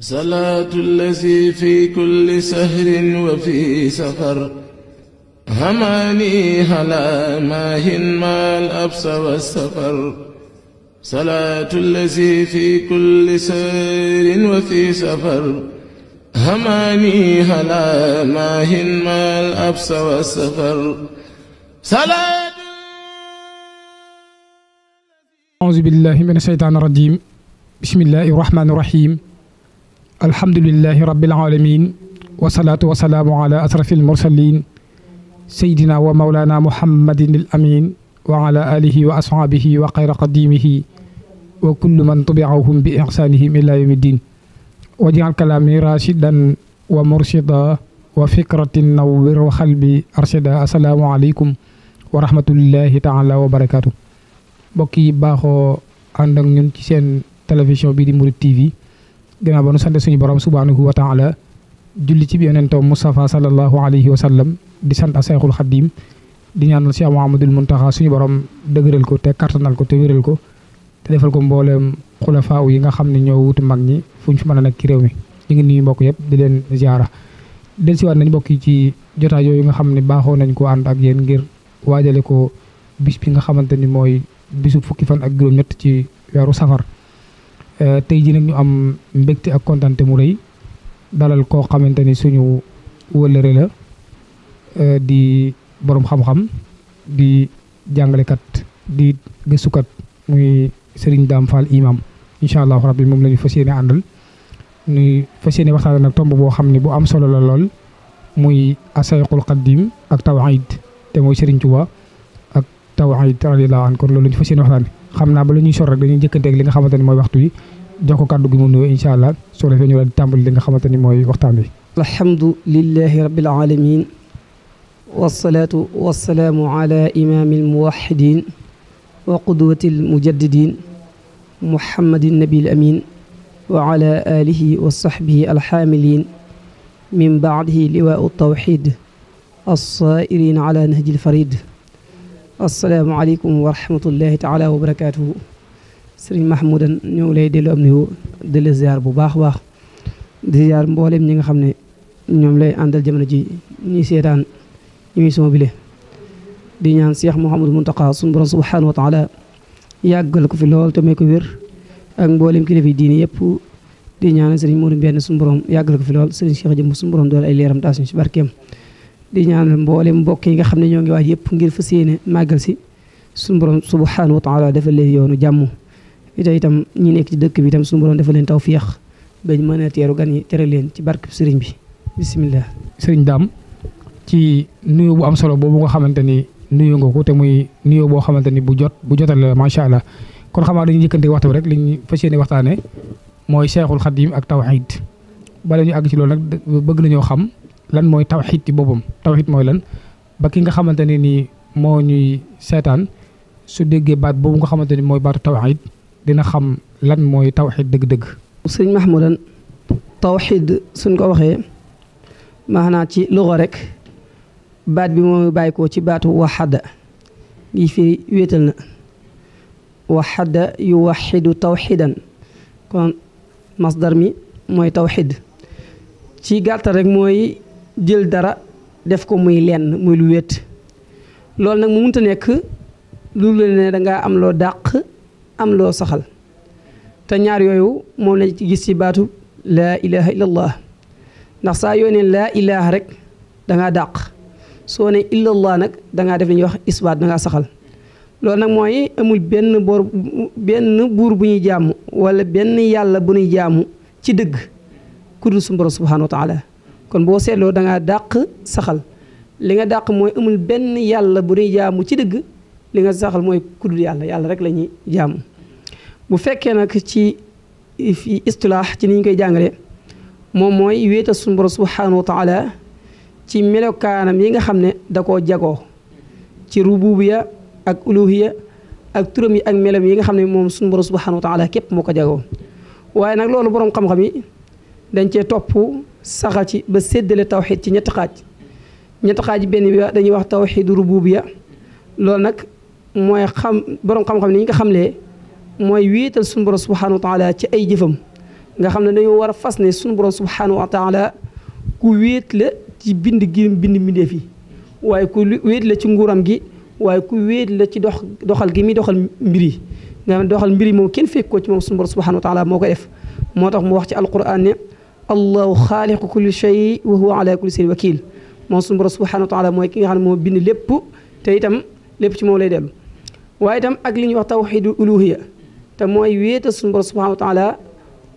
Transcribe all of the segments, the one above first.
صلاة الذي في كل سهر وفي سفر هماني هلا ماهن ما الأبس والسفر صلاة الذي في كل سهر وفي سفر هماني هلا ماهن ما الأبس والسفر صلاة أعوذ بالله من الشيطان الرجيم بسم الله الرحمن الرحيم الحمد لله رب العالمين وصلاة والسلام على أشرف المرسلين سيدنا ومولانا محمد الأمين وعلى آله وأصحابه وقير قديمه وكل من طبعهم بإحسانهم إلى يوم الدين وجعل كلامي راشدا ومرشدا وفكرة نور وخلبي أرشدا السلام عليكم ورحمة الله تعالى وبركاته بكي باخو عندنا نون تلفزيون بيدي مولود تي gannaaw ba nu sant suñu borom subhaanahu wa taala julli ci yonentam Mustafa sallallahu alayhi wa sallam di sant Seexul Xadiim di ñaanal Cheikh Mouhamadul Muntaxa suñu borom dëgëral ko te kattanal ko te wéral ko te defal ko mbooleem xulafaaw yi nga xam ne ñoo wutu mag ñi fu ñu fi mën a nekk réew mi ñu ngi nuyu mbokk yëpp di leen ziara del si waat nañ mbokk yi ci jotaay yooyu nga xam ne baaxoo nañ ko ànd ak yéen ngir waajale ko bis bi nga xamante ni mooy bisu fukki fan ak juróom-ñett ci weeru safar Euh, tey jii nag ñu am mbégte ak kontante mu réy dalal koo xamante ni suñu wëllëre la euh, di boroom xam-xam di jàngalekat di gëstukat muy Serigne Dame Fall imam incha allahu rabbi moom la ñu fas yéene àndal ñu fas yéene waxtaan nag tomb boo xam ne bu am solo la lool muy asayqul qadim ak tawhid te mooy Serigne Touba ak tawhid radiyallahu anhu kon loolu la ñu fas yéene waxtaan xamna ba lañuy sor rek dañuy jëkënte ak li nga xamanteni moy waxtu yi jox ko kàddu gi mu nuyoo inshallah so rafé ñu la di li nga xamanteni moy waxtan bi wi alhamdulillahi rabbil alamin wasalaatu wasalaamu ala imaami almuwaxidin wa qudwati almujaddidin muhammadin nabi alamin wa ala alihi wa sahbihi alxaamilin min baadihi liwaau tawxid alsaa'irin ala nahji alfarid asalaamaaleykum wa rahmatullahi taala wa barakaatuhu sëriñ Mahmoudan ñoo ngi lay dellu am nuyoo di la ziar bu baax baax di ziar mboolem ñi nga xam ne ñoom lay àndal jamono ji ñuy seetaan émission bi le di ñaan Cheikh Mouhamadou Mountakha sunu borom subhanahu wa taala yàggal ko fi lool te may ko wér ak mboolem kilifa yi diine yëpp di ñaan sëriñ Modou Mbène sunu borom yàggal ko fi lool sëriñ Cheikh Jëmb sunu borom dool ay leeram taas ñu ci barkeem di ñaanal mboolem mbokk yi nga xam ne ñoo ngi waaj yëpp ngir fas yéene màggal si suñu borom subhanahu wa taala defal leen yoonu jàmm ite itam ñi nekk ci dëkk bi itam suñu borom defal leen tawfiix bañ mën a teeru gan yi tere leen ci barke sëriñ bi bisimilah. sëriñ daam ci nuyu bu am solo boobu nga xamante ni nuyu ko te muy nuyoo boo xamante ni bu jot bu jotal la macha allah kon xam naa dañuy njëkkante waxtu bi rek li ñu fas yéene waxtaanee mooy Cheikhul Khadim ak tawhid bala ñu àgg ci loolu nag bëgg nañoo xam. lan mooy tawxiit ci boppam tawxiit mooy lan ba ki nga xamante ne nii moo ñuy seetaan su déggee baat boobu nga xamante ni mooy baatu tawxiit dina xam lan mooy tawxiit dëgg-dëgg. sëñ Mahmoudan tawxiit suñ ko waxee maanaam ci luxa rek baat bi mooy bàyyi ko ci baatu waxada ngi firi wéetal na waxada yu waxidu tawxidan kon masdar mi mooy tawxid ci gàttal rek mooy jël dara def ko muy lenn muy lu wéet loolu nag mu munta nekk lu la ne dangaa am loo dàq am loo saxal te ñaar yooyu moom lañ ci gis ci baatu laa ilaha illallah ndax saa yoo ne laa ilaha rek danga dàq soo ne illallah nag dangaa def li ñuy wax isbaat danga saxal loolu nag mooy amul benn boor benn buur bu ñuy jàmm walla benn yàlla bu ñuy jaamu ci dëgg ku dul suñu borom subhanahu kon boo seetloo dangaa dàq saxal li nga dàq mooy amul benn yàlla bu ñuy jaamu ci dëgg li nga saxal mooy kuddul yàlla yàlla rek lañuy ñuy bu fekkee nag ci fi istilaax ci ni ñu koy jàngale moom mooy wéetal suñu borom subhaanahu wa taala ci melokaanam yi nga xam ne da koo jagoo ci rububiya ak uluhiya ak turam yi ak melam yi nga xam ne moom suñu borom subhaanahu wa taala képp moo ko jagoo waaye nag loolu borom xam-xam yi dañ cee topp. saxa ci ba séddale tawxid ci ñetti xaaj ñetti xaaj benn bi dañuy wax tawxidu ya loolu nag mooy xam boroom xam-xam ni ñu xam xamlee mooy wéetal sunu borom subhanahu wa taala ci ay jëfam nga xam ne dañoo war fas ne sunu borom subhanahu wa taala ku wéet la ci bind gi bind mbindeef yi waaye ku wéet la ci nguuram gi waaye ku wéet la ci dox doxal gi muy doxal mbir yi nga xam ne doxal mbir yi moom kenn fekk ko ci moom sunu borom subhanahu wa moo koy def moo tax mu wax ci alquran ne الله خالق كل شيء وهو على كل شيء وكيل wakil moom suñu borom subhanahu wa taala mooy ki nga xam ne moo bind lépp te itam lépp ci moom lay dellu waaye itam ak li ñuy wax tawxiidul uluhiya te mooy wéeta suñu borom subhanahu wa taala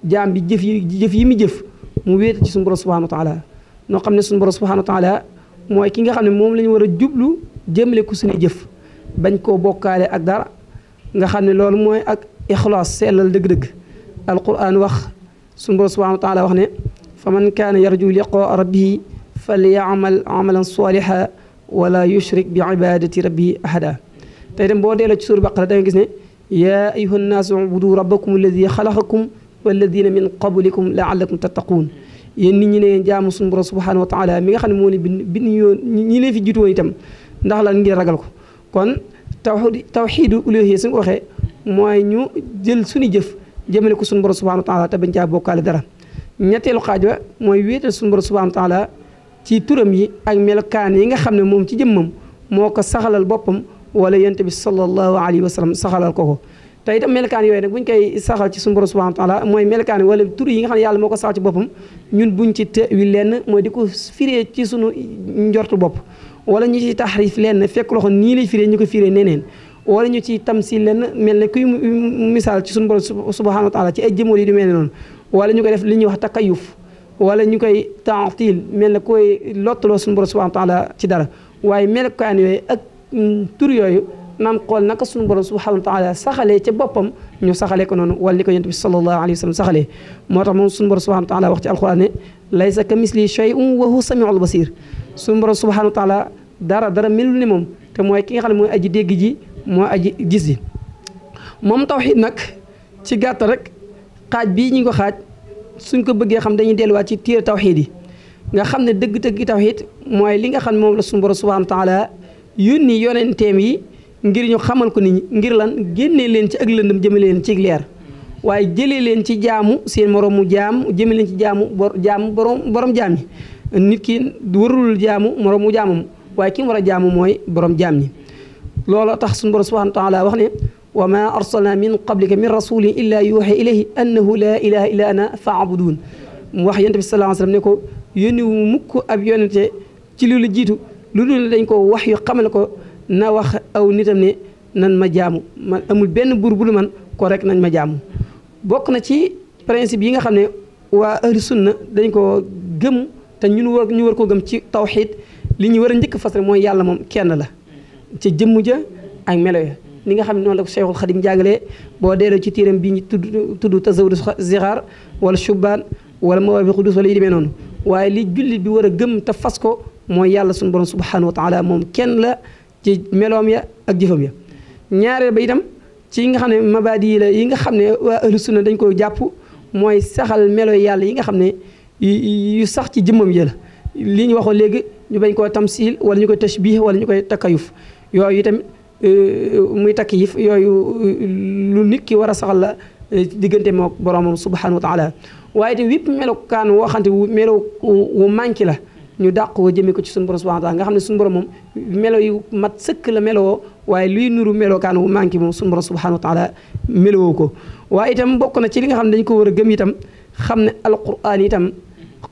jaam bi jëf yi jëf yi mu jëf mu wéeta ci suñu borom subhanahu wa taala noo xam ne suñu borom subhanahu wa كو mooy ki nga ak nga xamne ne moy ak ikhlas selal deug deug alquran wax سنبو سبحانه وتعالى وحنا فمن كان يرجو لقاء ربه فليعمل عملا صالحا ولا يشرك بعبادة ربه أحدا تايدم بو ديلا سور بقرة دا يا أيها الناس اعبدوا ربكم الذي خلقكم والذين من قبلكم لعلكم تتقون يين نيت ني جامو سنبو سبحانه وتعالى ميغا خاني موني بن ني لي في جيتو ايتام ndax la ngir ragal ko kon tawhid tawhid uluhiyya sun waxe moy ñu jël suñu jëf jëmale ko suñu borom subhanahu wa taala te bañ caa bokkaale dara ñetteelu xaaj ba mooy wéetal suñu borom subhanahu wa taala ci turam yi ak melokaan yi nga xam ne moom ci jëmmam moo ko saxalal boppam wala yonent bi sallallahu alayhi wa sallam ko ko te itam melokaan yooyu nag buñ koy saxal ci suñu borom subhanahu mooy melokaan yi wala yi nga xam yàlla moo ko saxal ci boppam ñun buñ ci të wi lenn mooy di ko firee ci suñu njortu bopp wala ñu ci taxrif lenn fekk loxo nii lay firee ñu ko firee neneen wala ñu ci tamsil leen melni kuy misal ci sun borom subhanahu wa taala ci ay jëmoon yi du mel non wala ñu ko def li ñu wax takayuf wala ñu koy ta'til melni koy lotlo sun borom subhanahu wa taala ci dara waye waaye melokaan yooyu ak tur yooyu naan xol naka sun borom subhanahu wa taala saxale ci bopam ñu saxale ko non wala liko yentu bi sallallahu alayhi wasallam saxale motax mom sun borom subhanahu wa taala wax ci alquran ne laysa ka misli shay'un wa huwa samiul basir sun borom subhanahu wa taala dara dara melul ni mom te moy ki nga xamne moy aji dégg ji moo aji gis yi moom tawxiid nag ci gàtt rek xaaj bii ñu ko xaaj suñ ko bëggee xam dañuy delluwaat ci téere tawxiid yi nga xam ne dëgg-dëgg tawxiid mooy li nga xam ne moom la suñu borom subhaanahu wa taala yónni yonenteem yi ngir ñu xamal ko nit ñi ngir lan génne leen ci ak lëndëm jëme leen ci leer waaye jëlee leen ci jaamu seen mu jaam jëme leen ci jaamu bor borom borom jaam yi nit ki warul jaamu moroomu jaamam waaye ki mu war a jaamu mooy borom jaam ñi loola tax suñu borom subhanahu wa taala wax ne wa ma arsalna min qablika min rasulin illa yuuxa ilayhi annahu la ilaha illa ana faabudun mu wax yonent bi sallallahu alayhi wasallam ne ko yónni wu mukk ab yonente ci lu la jiitu lu dul dañ ko wax yu xamal ko na wax aw nitam ne nan ma jaamu man amul benn buur bu man ko rek nañ ma jaamu bokk na ci principe yi nga xam ne waa ahlu na dañ ko gëm te ñun war ñu war koo gëm ci tawxiid li ñuy war a njëkk fas rek mooy yàlla moom kenn la ca jëmm ja ak melo ya ni nga xam ne noonu la ko Cheikhul Khadim jàngalee boo delloo ci tiiram bi ñu tudd tudd tazawudu zixaar wala shubaan wala mawaabi xudus wala yi demee noonu waaye bi war a gëm te fas ko mooy yàlla suñu borom subhanahu wa taala moom kenn la ci meloom ya ak jëfam ya ba itam ci yi nga xam ne mabaadi yi yi nga xam ne waa ahlu sunna ko jàpp mooy saxal melo yàlla yi nga xam ne yu sax ci jëmmam ya la li ñu waxoon léegi ñu bañ koo tamsil wala ñu koy tashbih yooyu itam muy takk yif yooyu lu nit ki war a saxal la diggante moo boromam subhanahu wa taala waaye te wépp melokaan woo xamante melo wu manqué la ñu dàq wa jëmee ko ci suñu borom subhanahu wa taala nga xam ne suñu borom moom melo yu mat sëkk la meloo waaye luy nuru melokaan wu manqué moom suñu borom subhanahu wa taala meloo ko waaye itam bokk na ci li nga xam ne dañu ko war a gëm itam xam ne alquran itam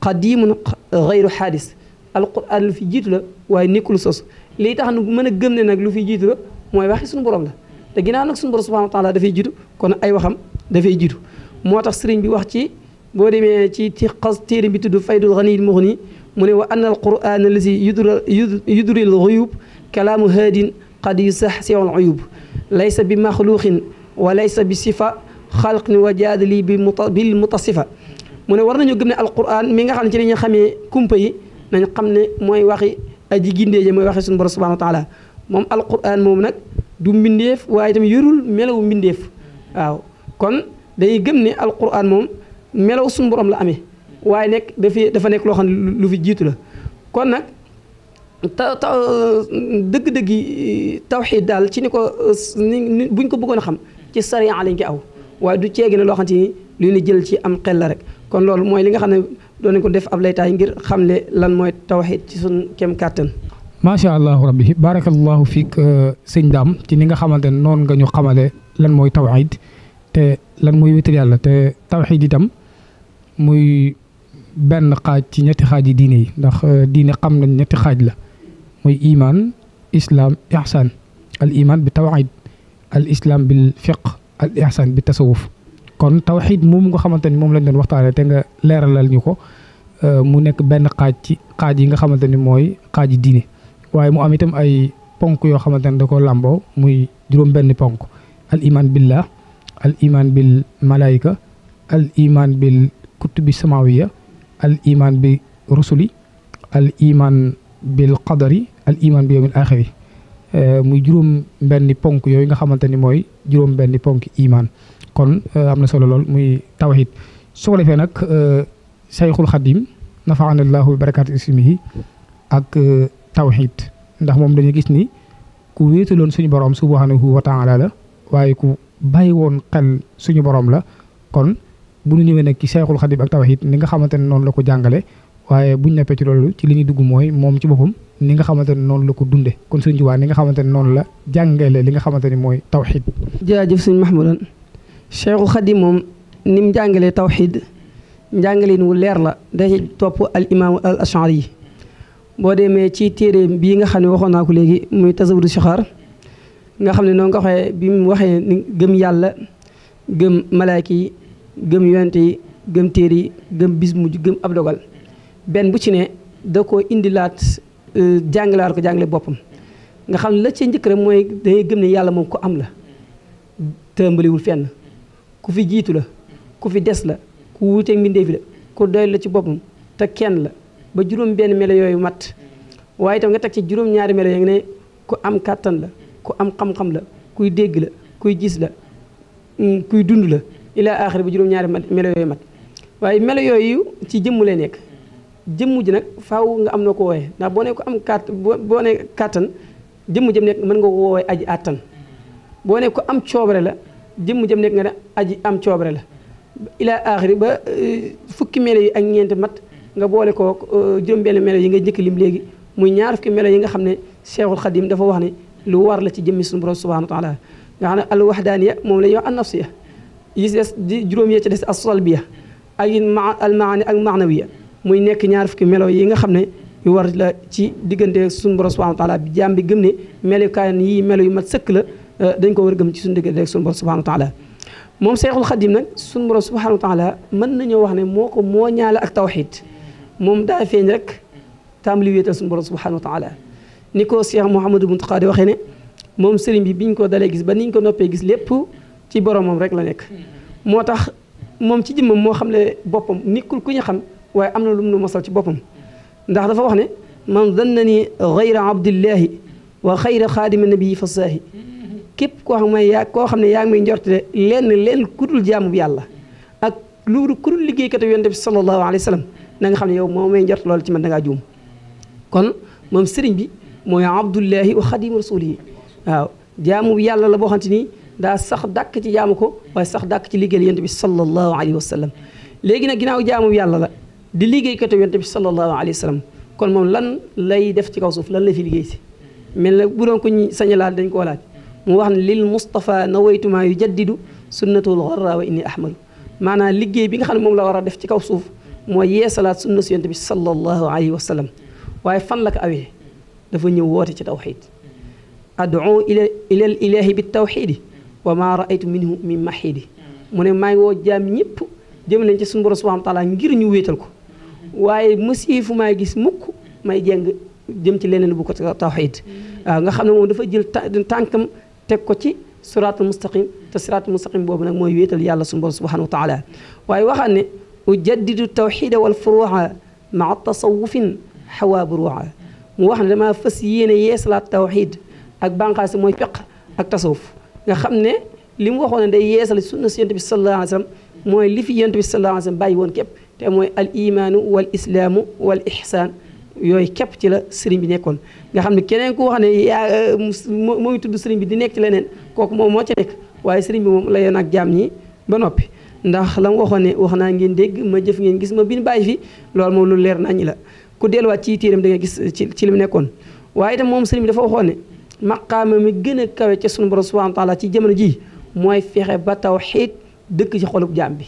qadimun gayru xaadis alquran lu fi jiitu la waaye nekkul sos lii tax nu mën a gëm ne nag lu fi jiitu la mooy waxi suñu borom la te ginnaaw nag suñu borom subhanahu wa taala dafay jiitu kon ay waxam dafay jiitu moo tax sëriñ bi wax ci boo demee ci ci xas téere bi tudd faydul xaniyil muxni mu ne wa anna alquran allazi yudril xuyub kalaamu haadin qad yusaxsiul uyub laysa bi maxluuqin wa laysa bi sifa xalqin wa jaadali bi bil mutasifa mu ne war nañu gëm ne alquran mi nga xam ne ci la ñu xamee kumpa yi nañ xam ne mooy waxi aji gindee ji mooy waxi suñu borom subhanahu wa taala moom alquran moom nag du mbindeef waaye itam yorul melow mbindeef waaw kon dañuy gëm ne alquran moom melow suñu borom la amee waaye nekk dafi dafa nekk loo xam ne lu fi jiitu la kon nag ta dëgg-dëggi tawxiid daal ci ni ko buñ ko bëggoon a xam ci sariya lañ ko aw waaye du ceegi ne loo xam te ni li ñu jël ci am xel la rek kon loolu mooy li nga xam ne doon ko def ab laytaay ngir xam ne lan mooy tawxiid ci suñ kem kàttan. macha allah rabbi baarakallahu fiik euh, sëñ daam ci ni nga xamante ne noonu nga ñu xamale lan mooy tawxiid te lan mooy wéetal yàlla te tawxiid itam muy benn xaaj ci ñetti xaaj yi diine yi ndax euh, diine xam nañ ñetti xaaj la muy iman islaam ihsan al iman bi tawxiid al islam bil fiq al bi tasawuf kon tawhid moom nga xamanteni ni moom lañ doon waxtaanee te nga leeralal ñu ko mu nekk benn xaaj ci xaaj yi nga xamanteni ni mooy xaaji diine waaye mu am itam ay ponk yoo xamanteni ne da ko làmboo muy juróom benn ponk al iman billah al iman bil malaika al iman bil kutubi samawiya al iman bi rusuli al iman bil qadari al iman bi yawmil axiri muy juróom benn ponk yooyu nga xamanteni ni mooy juróom benn ponk iman kon euh, am na solo lool muy tawhid su ko defee nag sayxul euh, xadim nafaanallahu bi barakaati ismihi ak euh, tawhid ndax moom dañu gis ni ku loon suñu borom subhanahu wa taala la waaye ku bàyyi woon xel suñu borom la kon bu ñu ñëwee nag ci sayxul xadim ak tawhid ni nga xamante ne noonu la ko jàngale waaye buñ neppee ci loolu ci li ñuy dugg mooy moom ci boppam ni nga xamante ne noonu la ko dunde kon suñu jiwaa ni nga xamante ne noonu la jàngale li nga xamante ne mooy tawhid jërëjëf suñu Mahmoudan Cheikhul Xadim moom ni mu jàngalee tawxiid njàngaleen wu leer la dañuy topp al imaamu al ashari yi boo demee ci téere bii nga xam ne waxoon naa ko léegi muy tasawudu sixaar nga xam ne noonu nga waxee bi mu waxee ni gëm yàlla gëm malaayka yi gëm yonent yi gëm téere yi gëm bis mujj gëm ab dogal benn bu ci ne da ko indilaat euh, jàngalaat ko jàngale boppam nga xam ne la ci njëkk rek mooy dangay gëm ne yàlla moom ko am la tëmbaliwul fenn ku fi jiitu la ku fi des la ku wuuteeg mbindeef la ku doy la ci boppam te kenn la ba juróom benn melo yooyu mat waaye itam nga teg ci juróom melo yooyu ne ku am kàttan la ku am xam la kuy dégg la kuy gis la mm, kuy dund la ilaa aaxir ba juróom ñaari melo yooyu waaye melo yooyu ci jëmm lay nekk jëmm ji nag faw nga am na ko wooye ndax boo ne ko am kàtt boo ne kàttan jëmm jëm nekk mën nga ko wooye aji àttan boo ne ko am coobare la jëm jëm nek nga ne aji am ciobre la ila aaxiri ba fukki mel yi ak ñent mat nga boole ko jëm benn mel yi nga jëk lim léegi muy ñaar fukki mel yi nga xamne Cheikhul khadim dafa wax ni lu war la ci jëmmi sun borom subhanahu wa taala nga xamne al wahdaniya mom la ñuy wax an nafsiya yi si des di juróom ye ci dess as salbiya ak al maani ak maanawiya muy nek ñaar fukki mel yi nga xamne yu war la ci digënde sun borom subhanahu wa taala bi jambi gëm ne melukaan yi melo yu mat sëkk la dañ ko war gëm ci sun diggante ak suñu borom subhanahu wa taala mom seexul khadim nak sun borom subhanahu wa taala man nañu wax ne moko mo moo ak tawhid mom da feñ rek taam li wéetal suñu borom subhanahu wa taala niko ko Cheikh Mouhamadou Mountakha di waxee ne mom serigne bi biñ ko dalé gis ba niñ ko noppé gis lépp ci mom rek la nek motax mom ci jëmmam mo xamlé bopam nikul ku ñu xam way amna lu mu nu ci bopam ndax dafa wax ne man dhannani ghayra abdillahi wa khadim an nabii fa sahih képp koo xam ne yaa koo xam ne yaa ngi may njorte lenn lenn kudul jaamu bu yàlla ak lu kudul liggéeykatu yonent bi sallallahu alayhi wa sallam na nga xam ne yow moo may njort loolu ci man da kon moom sëriñ bi mooy abdullahi wa xadimu rasulihi waaw jaamu yàlla la boo xamante ni daa sax dàkk ci jaamu ko waaye sax dàkk ci liggéeyal yonent bi sallallahu alayhi wa sallam léegi nag ginnaaw jaamu yàlla la di liggéeykatu yonent bi sallallahu alayhi wa kon moom lan lay def ci kaw suuf lan lay fi liggéey si mel na bu doon ko sañ laaj dañ koo laaj mu wax ne lil Moustapha nawaytuma yu jaddidu sunnatul xarra wa inni ahmadu maanaam liggéey bi nga xam ne moom la war a def ci kaw suuf mooy yeesalaat sunna si yonte bi sallallahu alayhi wa sallam waaye fan la ko awee dafa ñëw woote ci tawxid ad'u ila bi tawxidi wa ma raaytu minhu min mahidi mu maa ngi woo jaam ñëpp jëm nañ ci suñu borom subhanahu ñu wéetal ko waaye masiyi fu maa gis mukk may jeng jëm ci leneen bu ko tawxid waaw nga xam ne moom dafa jël tànkam تكوتي صراط المستقيم تصراط المستقيم بوبنا مو يويتال يالا سنبول سبحانه وتعالى واي وخاني وجدد التوحيد والفروع مع التصوف حوا بروع مو وخاني لما فسيين يسلا التوحيد اك بانقاس مو يفق اك تصوف نا خامني لم وخون دا يسلا سنة سيدنا النبي صلى الله عليه وسلم مو لي yooyu képp ci la sëriñ bi nekkoon nga xam ne keneen ku wax ne yaa euh, moo tudd sëriñ bi di nekk ci leneen kooku moom moo ci nekk waaye sëriñ bi moom la yoon ak jaam ñi ba noppi ndax la mu waxoon ne wax naa ngeen dégg ma jëf ngeen gis ma bin bàyyi fi loolu moom lu leer naññi la ku delluwaat ci téeram da nga gis ci ci li mu nekkoon waaye itam moom sëriñ bi dafa waxoon ne maqaama mi gën a kawe ca sunu borom subhanahu wa taala ci jamono ji mooy fexe ba tawxiid dëkk ci xolub jaam bi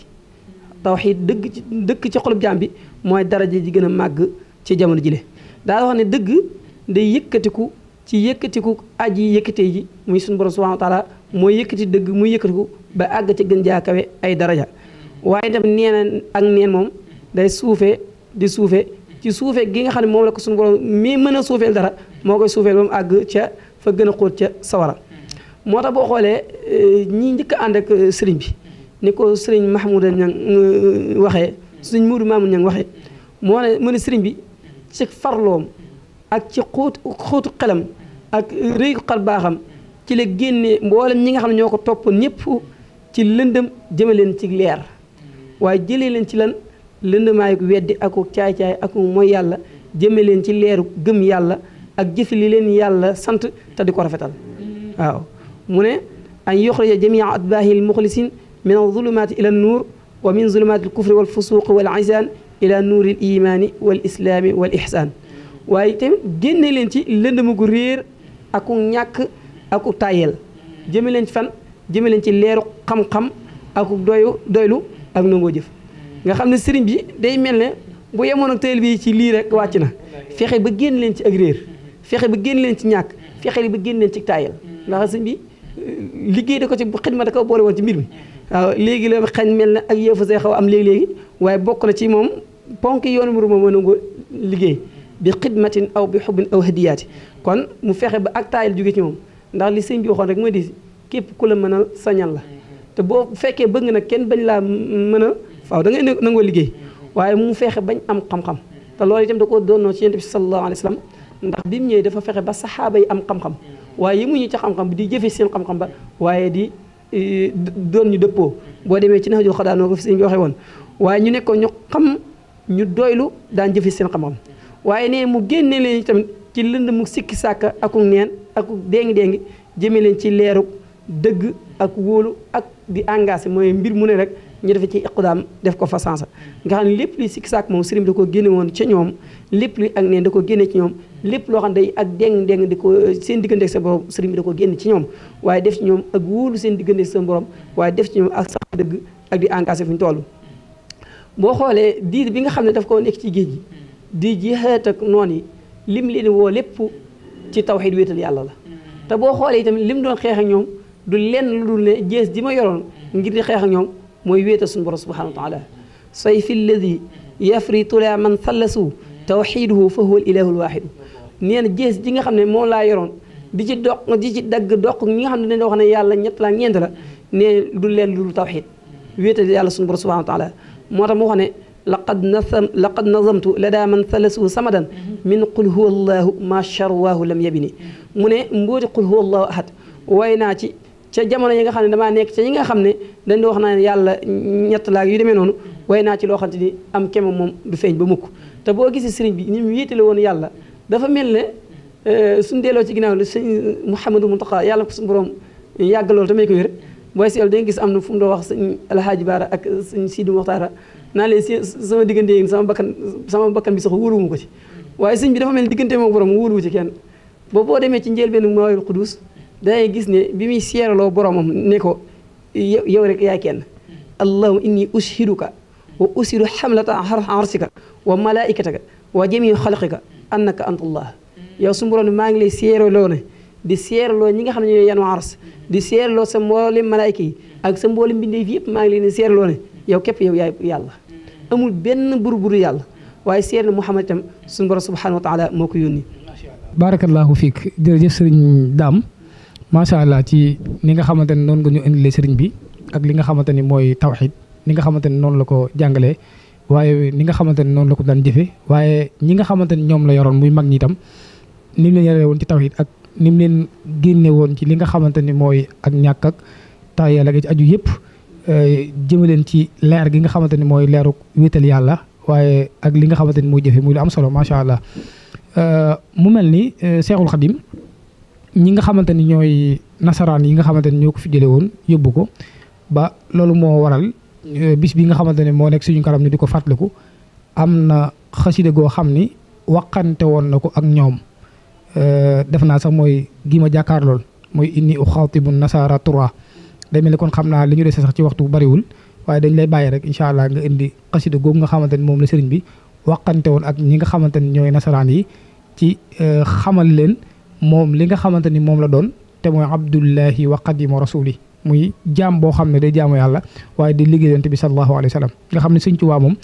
dëkk ci dëkk ci bi mooy daraja ji gën a màgg ci jamono jile daa wax ne dëgg day yëkkatiku ci yëkkatiku aji yëkkatee ji muy suñu borom subhanahu wa taala mooy yëkkati dëgg muy yëkkatiku ba àgg ci gën jaa kawe ay daraja waaye itam neen ak neen moom day suufee di suufee ci suufee gi nga xam ne moom la ko suñu borom mi mën a suufeel dara moo koy suufeel ba àgg ca fa gën a xóot ca sawara moo tax boo xoolee eh, ñi njëkk a ànd ak eh, sëriñ bi ni ko sëriñ Mahmoud ñang eh, waxee suñ Muuru Maamu ñang waxee moo ne mu ne sëriñ bi ci farloom ak ci xóotu xóotu xelam ak réyu xal baaxam ci la génnee mboolem ñi nga xam ne ñoo ko toppoon ñëpp ci lëndëm jëme leen ci leer waaye jëlee leen ci lan lëndëmaayu weddi ak caay-caay ak mooy yàlla jëme leen ci leeru gëm yàlla ak jëfe li leen yàlla sant te di ko rafetal waaw mu ne an yuxrija jamia atbaahi al muxlisin min al zulumaati ila an nuur wa min zulumaati al kufri wal fusuuqi wal isaan ila nuuril imaani wal islaami wal ihsaan waaye tamit génne leen ci lëndëmu gu réer aku ñàkk aku tàyyeel jëme leen ci fan jëme leen ci leeru xam-xam aku doyu doylu ak nangoo jëf nga xam ne sëriñ bi day mel ne bu yemoon ak téel bi ci lii rek wàcc na fexe ba génn leen ci ak réer fexe ba génn leen ci ñàkk fexe li ba génn leen ci tàyyeel ndax sëriñ bi liggéey da ko ci xidma da ko boole woon ci mbir mi waaw léegi la xañ mel na ak yëfu say xaw am léegi-léegi waaye bokk na ci moom ponk yoonu muru ma mën a liggéey bi xidmatin aw bi xubbin aw hadiyaati kon mu fexe ba ak taayal jóge ci moom ndax li sëñ bi waxoon rek mooy di képp ku la mën a sañal la te boo fekkee bëgg nag kenn bañ laa mën a faaw da ngay nangoo liggéey waaye mu fexe bañ am xam-xam te loolu itam da ko doonoo ci yonent bi sallallahu alayhi wa ndax bi mu dafa fexe ba saxaaba am xam waaye yemuñu ci xam-xam bi di jëfe seen xam-xam ba waaye di eh, doon ñu dëppoo boo demee ci naxajul xadaa noo ko fi sëñ bi waxee woon waaye ñu nekkoon ñu xam ñu doylu daan jëfe seen xam-xam waaye ne mu génne leen tamit ci lënd mu sikki sàkka akuk neen akuk déngi-déngi jëme leen ci leeru dëgg ak wóolu ak di engagé mooy mbir mu ne rek ñu def ci iqdaam def ko fa sansa nga xam ne lépp li sikki sàkk moom sëriñ da ko génne woon ca ñoom lépp luy ak neen da ko génne ci ñoom lépp loo xam day ak déng-déng di ko euh, seen diggante ak sa borom sëriñ bi da ko génn ci ñoom waaye def ci ñoom ak wóolu seen diggante ak sa borom waaye def ci ñoom ak sax dëgg ak di engagé fu ñu toll boo xoolee diir bi nga xam ne daf ko nekk ci géej gi di jihaat ak noon yi lim leen woo lépp ci tawxiid wéetal yàlla la te boo xoolee itam lim doon xeex ak ñoom du lenn lu dul ne jees ji ma yoroon ngir di xeex ak ñoom mooy wéetal suñu borom subhanahu wa taala sayfi lladi yafri tula man sallasu توحيده فهو الاله الواحد نين جيس ديغا خا مو لا يرون دي جي دوق دي جي دغ دوق ني خا ندي وخنا يالا نيت لا نينت لا ني دول لين دول توحيد ويتال يالا سن بر سبحانه وتعالى موتا مو خني لقد نظم لقد نظمت لدى من ثلثه صمدا من قل هو الله ما شرواه لم يبني مو ني قل هو الله احد وينا تي ca jamono yi nga xam ne damaa nekk ca yi nga xam ne dañ di wax naa ne yàlla ñett laag yu demee noonu way naa ci loo xam te ni am kema moom du feeñ ba mukk te boo gisee sëriñ bi ni mu yéetale woon yàlla dafa mel ne euh, suñ delloo ci ginnaaw la sëñ Mouhamadou Mountakha yàlla ko su borom yàgg loolu tamay ko wér booy seetlu da nga gis am na fu mu doo wax sëñ Alhaaji Baara ak sii sëñ Sidi Moxtaara naa leen si sama diggante yéen sama sama bakkan bi sax wóoruwuma ko ci waaye sëñ bi dafa mel diggante moom borom wóoruwu ci kenn ba boo demee ci njëlbeen Mawaahibul Quddus داي غيسني بيمي سيرا لو بروم نيكو يو رك يا كين اللهم اني اشهدك واسر حمله عرشك وملائكتك وجميع خلقك انك انت الله يا سمبرون ما نغلي سيرا لو ني دي سيرا لو نيغا خا نيو يانو عرش دي سيرا لو سمبول ملائكي اك سمبول مبيندي فيب ما نغلي ني سيرا لو ني يو كيب يو يا الله امول بن بربر يا الله واي سيرنا محمد تم سبحانه وتعالى موكو يوني بارك الله فيك جير جير سيرن دام macha allah ci ni nga xamante ne noonu nga ñu indilee sëriñ bi ak li nga xamante ni mooy tawxid ni nga xamante ne noonu la ko jàngale waaye ni nga xamante ne noonu la ko daan jëfe waaye ñi nga xamante ñoom la yoroon muy mag ñi itam ni mu leen yaree woon ci tawxid ak ni mu leen génne woon ci li nga xamante ni mooy ak ñàkk ak la ak ci aju yëpp eh, jëmaleen ci leer gi nga xamante ni mooy leeru wéetal yàlla waaye ak li nga xamante ni mooy jëfe muy lu am solo macha allah eh, mu mel ni Seexul eh, Xadim ñi nga xamante ni ñooy nasaraan yi nga xamante ni ñoo ko fi jëlee woon yóbbu ko ba loolu moo waral euh, bis bi nga xamante ne moo nekk suñu kanam ñu di ko fàttaliku am na xasida goo xam ni waqante woon na ko ak ñoom euh, def naa sax mooy gi ma jàkkaar lool mooy inni u xawtibu nasara tura day mel ni kon xam naa li ñu dese sax ci waxtu bu bariwul waaye dañ lay bàyyi rek incha allah nga indi xasida googu nga xamante ni moom la sëriñ bi waqante woon ak ñi nga xamante ni ñooy nasaraan yi ci euh, xamal leen mom li nga xamanteni ni la doon te moy abdullahi wa qadim rasuli muy jam bo xamne day jamu yalla waye di ligeyante bi sallallahu alayhi wasallam sallam nga xam ne Sëñ mom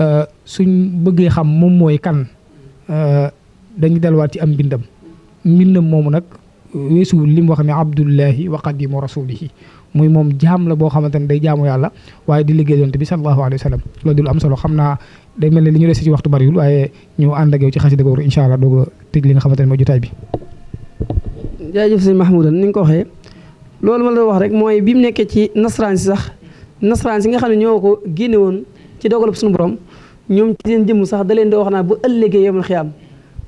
euh suñ bëggee xam mom moy kan euh, dañu delluwaat ci am bindam minna mom nak weesuwul lim mu wax ne abdullahi wa qadim rasulihi muy mom jam la bo xamanteni day jamu yalla waye di ligeyante bi sallallahu alayhi wa sallam di am solo xamna day melni li ñu dese ci waxtu bariwul waye ñu andage ci xasida googu incha allah doog a li nga xamanteni mo bi jaajëf sëñ Mahmoudan ni nga ko waxee loolu ma la wax rek mooy bi mu nekkee ci nasaraan si sax nasaraan si nga xam ne ñoo ko génne woon ci dogalub suñu borom ñoom ci seen jëmm sax da leen di wax naa bu ëllëgee yemul xiyaam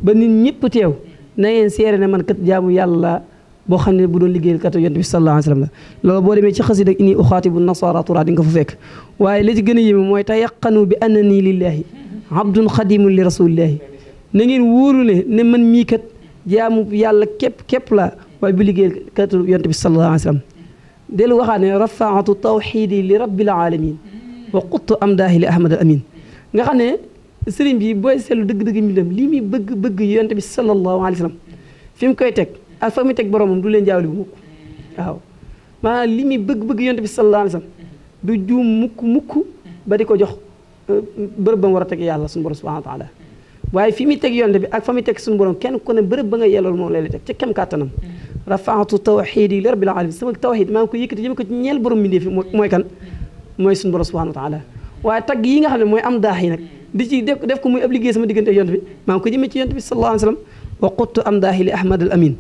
ba nit ñëpp teew na ngeen seere ne man kat jaamu yàlla boo xam ne bu doon liggéeyal kat yonent bi sallallahu alayhi wasallam la loolu boo demee ci xasida ak ini uxaatibu nasara turaa di nga fa fekk waaye li ci gën a yéeme mooy tayaqanu bi annani li rasulillahi na ngeen wóoru jaamu yàlla képp képp la waaye bi liggéeyal katu yonte bi sallallahu alayhi wa sallam dellu waxaa ne rafaatu tawxiidi li rabbil alamin wa quttu amdaahi li ahmad al amin nga xam ne sëriñ bi booy seetlu dëgg-dëgg mbindam lii muy bëgg bëgg yonte bi sallallahu alayhi wa sallam fi mu koy teg ak fa muy teg boromam du leen jaawli bu mukk waaw maanaam li muy bëgg bëgg yonte bi sallallahu alayhi wa sallam du juum mukk mukk ba di ko jox bërëb ba mu war a teg yàlla suñu borom subhanahu wa taala waye fi mi tek yonde bi ak fami tek sun borom kenn ku ne beurep ba nga yellool mo lay tek ci kem katanam rafaatu tawhidi li rabbil alamin sama tawhid ma ko yekati jema ko ci ñeel borom minde fi moy kan moy sun borom subhanahu wa taala waye tag yi nga xamne moy am daax nak di ci def ko muy obligé sama digënté yonde bi ma ko jëmee ci yonde bi sallallahu alayhi wasallam wa quttu am daaxi li ahmad al amin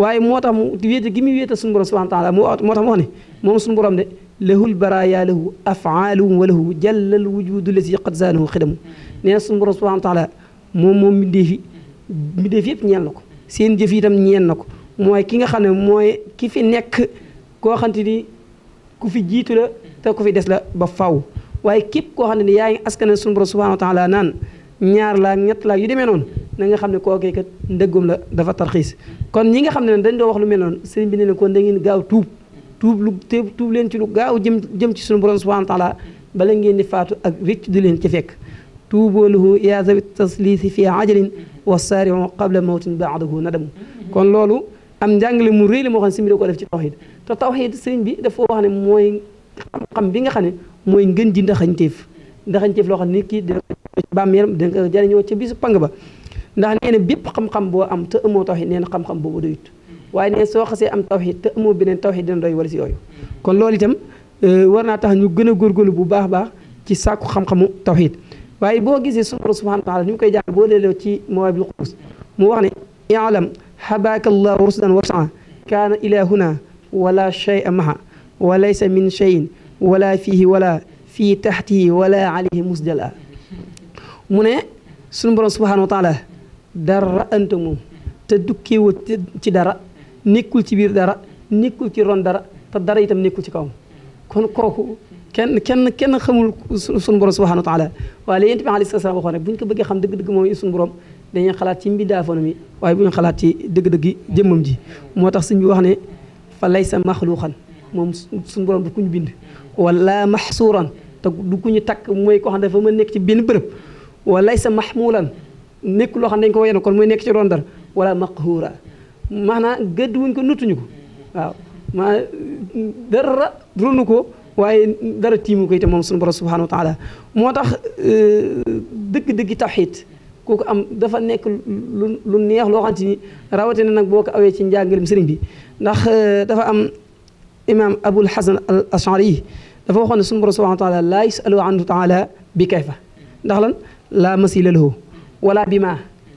waye motax tax mu wéete gi mi wete sun borom subhanahu wa taala motax mo wax ne moom suñu borom de له البرايا له افعال وله جل الوجود الذي قد زانه zaanahu ناس nee na suñu moom moom mbindeef yi mbindeef yëpp ñeel na ko seen jëf itam ñeel na ko mooy ki nga xam ne mooy ki fi nekk koo xamante ni ku fi jiitu la te ku fi des la ba faw waaye képp koo xam ne yaa ngi askan suñu borom subhanahu wa taala naan ñaar laa ñett laa yu demee noonu na nga xam ne kookee kat ndëggum la dafa tarxiis kon ñi nga xam ne dañ doo wax lu mel noonu sëriñ bi ne leen kon da ngeen gaaw tuub tuub lu tuub leen ci lu gaaw jëm jëm ci suñu borom subhanahu wa bala ngeen di faatu ak rëcc du leen ci fekk tuuboo lahu yaa zawi tasliisi fi ajalin wa saariu qabla mawtin baadahu nadamu kon loolu am njàngale mu réy la moo ne si mi da ko def ci tawxid te tawxid bi dafa wax ne mooy xam-xam bi nga xam ne mooy ngën ji ndaxañteef ndaxañteef loo xam ne nit ki dina ko bàmmeeram dina ko jariñoo ca bisu pang ba ndax nee bépp xam boo am te amoo tawxid nee na xam boobu doyut waaye soo xasee am tawxid te amoo beneen tawxid dina doy wala si yooyu kon loolu itam euh, war naa tax ñu gën a góorgóorlu bu baax baax ci sàkku xam-xamu tawxid waaye boo gisee suñu borom subhanahu wa mu koy jàng boo delloo ci mawabil qudus mu wax ne ilam habaka llahu rusdan wasaa kaana ilahuna wala shay'a maha wa laysa min shayin wala fiihi wala fii taxtihi wala alayhi musdala mu ne suñu borom subhanahu wa dara anta moom te dukkewu ci dara nekkul ci biir dara nekkul ci ron dara te dara itam nekkul ci kawam kon kooku kenn kenn kenn xamul suñu borom subhanahu wa taala waaye la yent bi alayhi salaam waxoon rek bu ñu ko bëggee xam dëgg-dëgg mooy suñu borom ci mbindaafanam waaye bu ñu xalaat ci dëgg-dëgg yi jëmmam ji moo tax suñ bi wax ne fa laysa maxluuqan moom suñu borom du ku ñu bind wala maxsuuran te du ku ñu takk mooy ko xam ne dafa ma nekk ci benn bërëb wala laysa maxmuulan nekk loo xam ne dañ ko yenn kon mooy nekk ci rondar wala maqhuura maanaam gëdd wuñ ko nutuñu ko waaw ما در درنكو واي در تيمو كيتا موم سن بر سبحانه وتعالى موتاخ آه، دك دك توحيد كوك ام دا فا نيك لو نيه لو خانتيني راوتي نك بوك اوي سي نجاغل سيرن بي ناخ آه، دا فا ام امام ابو الحسن الاشعري دا فا وخون سن بر سبحانه وتعالى لا يسالو عنه تعالى بكيفه ناخ لا مثيل له ولا بما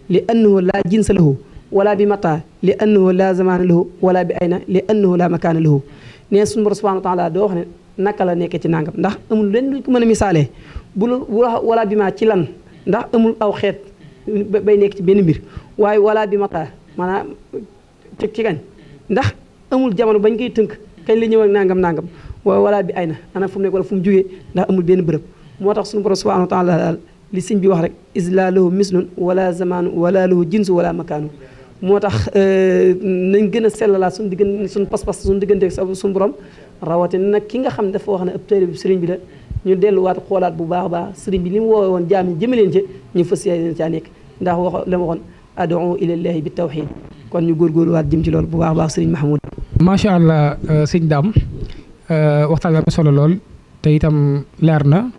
لانه لا جنس له wala bi mata li annahu la zamana lahu wala bi ayna li annahu la makaana lahu nee suñu borom subhanahu wa taala naka la nekkee ci nangam ndax amul lenn luñ ko mën a misaalee bu wala bi ma ci lan ndax amul aw xeet bay nekk ci benn mbir waaye wala bi mata maanaam ci ci ndax amul jamono bañ koy tënk kañ la ñëw nangam nangam waaye wala bi ay na ana fu mu nekk fu mu jógee ndax amul benn bërëb moo tax suñu borom subhanahu wa li sëñ bi wax rek is la lahu mislun wala zamaanu wala lahu jinsu wala makaanu moo tax euh, nañ gën a sellalaat suñu diggante suñu pas-pas suñu diggante ak suñu borom rawatina nag ki nga xam ne dafa wax ne ab téere bi sëriñ bi la ñu delluwaat xoolaat bu baax a baax sëriñ bi ni mu woowee woon jaam yi jëme leen ci ñu fas yéene caa nekk ndax wax la ma waxoon ad'u ilallahi bi tawxid kon ñu waat jëm ci loolu bu baax a baax sëriñ Mahmoud. macha allah euh, sëñ Dame euh, waxtaan am solo lool te itam leer na.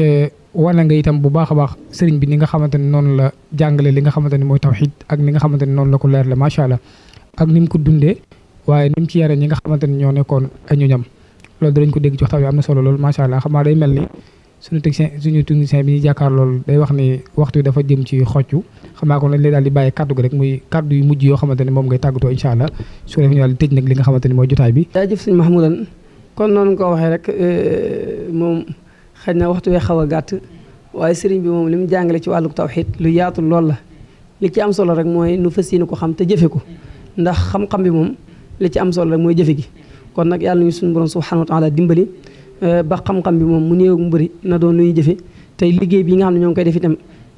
te wane nga itam bu baax a baax sëriñ bi ni nga xamante ne noonu la jàngale li nga xamante ne mooy tawxiid ak ni nga xamante ne noonu la ko leer la macha allah ak ni ko dundee waaye ni ci yare ñi nga xamante ne ñoo nekkoon ay ñoñam loolu dinañ ko dégg ci waxtaan bi am na solo loolu macha allah xam day mel ni suñu technicien suñu technicien bi ñuy jàkkaar day wax ni waxtu dafa jëm ci xoccu xam naa kon daal di bàyyi kàddu gi rek muy kàddu yu mujj yoo xamante moom ngay tàggatoo incha allah xëy na waxtu wee xaw a gàtt waaye sëriñ bi moom li mu jàngale ci wàllu tawxiid lu yaatu lool la li ci am solo rek mooy nu fas yéene ko xam te jëfe ko ndax xam-xam bi moom li ci am solo rek mooy jëfe gi kon nag yàlla ñu suñu borom subhanahu wa taala dimbali eh, ba xam bi moom mu néew mu na doon luy jëfe tey liggéey bi nga xam ne ñoo ngi koy def itam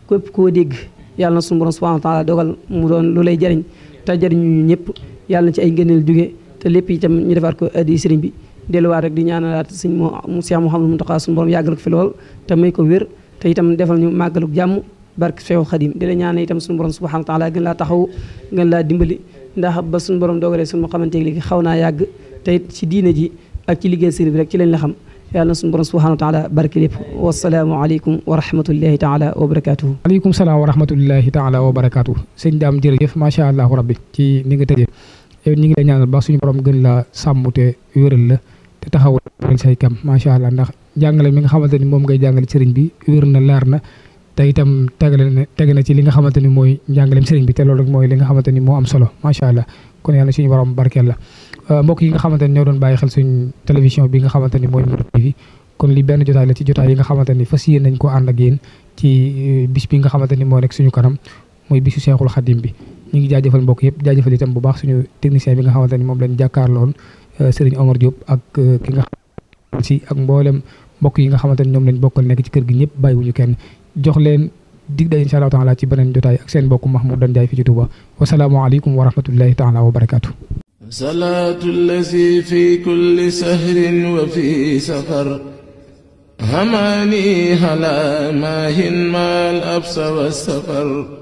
képp koo dégg yàlla na suñu borom subhanahu wa taala dogal mu doon lu lay jariñ te jariñu ñu ñëpp yàlla na ci ay ngëneel jóge te lépp tam ñu defaat ko addi sëriñ bi delluwaat rek di ñaanalaat sëñ moo mu Cheikh Mouhamadou Mountakha suñu borom yàggal ko fi lool may ko wér te itam defal ñu màggalu jàmm barke Seexu Xadim di la ñaan itam suñu borom subhanahu wa taala gën laa taxaw gën laa dimbali ndax ba suñu borom dogalee suñu xamanteeg léegi xaw naa yàgg te it ci diine ji ak ci liggéey sëriñ rek ci lañ la xam yàlla na suñu borom subhanahu wa taala barke lépp wasalaamu aleykum wa rahmatullahi taala wa barakatuhu aleykum salaam wa rahmatullahi taala wa barakatuhu sëñ daam jërëjëf macha allah rabbi ci ni nga tëjee yow ngi lay ñaanal ba suñu borom gën la sàmm te wéral la te ci say kam macha allah ndax jàngale mi nga xamante ni moom ngay jàngale sëriñ bi wér na leer na te itam tegale na teg na ci li nga xamante ni mooy sëriñ bi te loolu rek mooy li nga xamante ni moo am solo macha allah kon yàlla suñu borom barkeel la eh, mbokk yi nga xamante ni ñoo doon bàyyi xel suñ télévision bi nga xamante ni mooy Mouride TV kon li benn jotaay la ci jotaay yi nga xamante ni fas yéen nañ ko ànd ak yéen ci eh, bis bi nga xamante ni moo nekk suñu kanam mooy bisu Seexul Xadim bi ñu ngi jaajëfal mbokk yëpp jaajëfal itam bu baax suñu technicien bi nga xamante ni moom lañ jàkkaarloon euh, sëriñ Omar Diop ak euh, ki nga xam si ak mboolem mbokk yi nga xamante ni ñoom lañ bokkal nekk ci kër gi ñëpp bàyyiwuñu kenn jox leen dig daje incha allahu taala ci beneen jotaay ak seen mbokk Mahmoudane Ndiaye fi ci tuba wa salaamu alaykum wa rahmatullahi taala wa barakaatu. صلاة الذي في كل سهر وفي سفر هماني هلا ماهن ما الأبس والسفر